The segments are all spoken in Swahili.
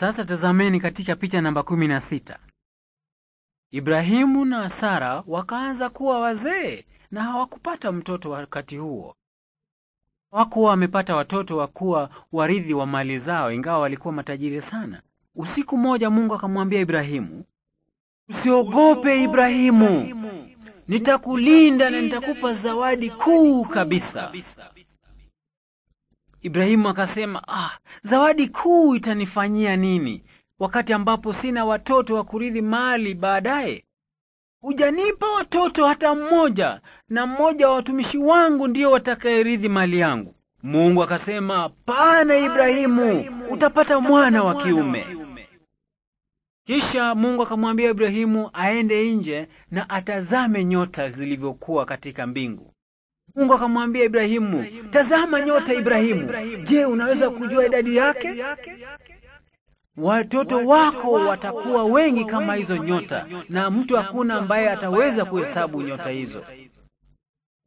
Sasa tazameni katika picha namba kumi na sita. Ibrahimu na Sara wakaanza kuwa wazee na hawakupata mtoto wakati huo. Hawakuwa wamepata watoto wa kuwa warithi wa mali zao, ingawa walikuwa matajiri sana. Usiku mmoja Mungu akamwambia Ibrahimu, usiogope Ibrahimu, nitakulinda na nitakupa zawadi kuu kabisa. Ibrahimu akasema, ah, zawadi kuu itanifanyia nini wakati ambapo sina watoto wa kurithi mali baadaye? Hujanipa watoto hata mmoja, na mmoja wa watumishi wangu ndiyo watakayerithi mali yangu. Mungu akasema, pana Ibrahimu, utapata mwana wa kiume. Kisha Mungu akamwambia Ibrahimu aende nje na atazame nyota zilivyokuwa katika mbingu. Mungu akamwambia Ibrahimu, tazama nyota Ibrahimu, je, unaweza kujua idadi yake? Watoto wako watakuwa wengi kama hizo nyota, na mtu hakuna ambaye ataweza kuhesabu nyota hizo.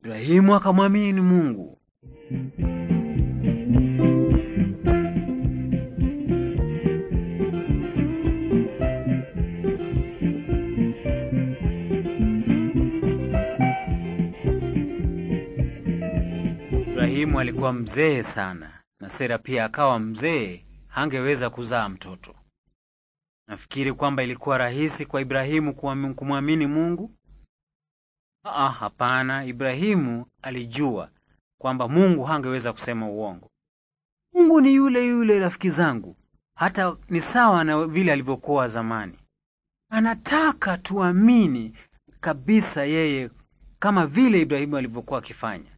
Ibrahimu akamwamini Mungu. Ibrahimu alikuwa mzee sana na Sera pia akawa mzee, hangeweza kuzaa mtoto. Nafikiri kwamba ilikuwa rahisi kwa Ibrahimu kumwamini Mungu. Aa, hapana. Ibrahimu alijua kwamba Mungu hangeweza kusema uongo. Mungu ni yule yule, rafiki zangu, hata ni sawa na vile alivyokuwa zamani. Anataka tuamini kabisa yeye, kama vile Ibrahimu alivyokuwa akifanya.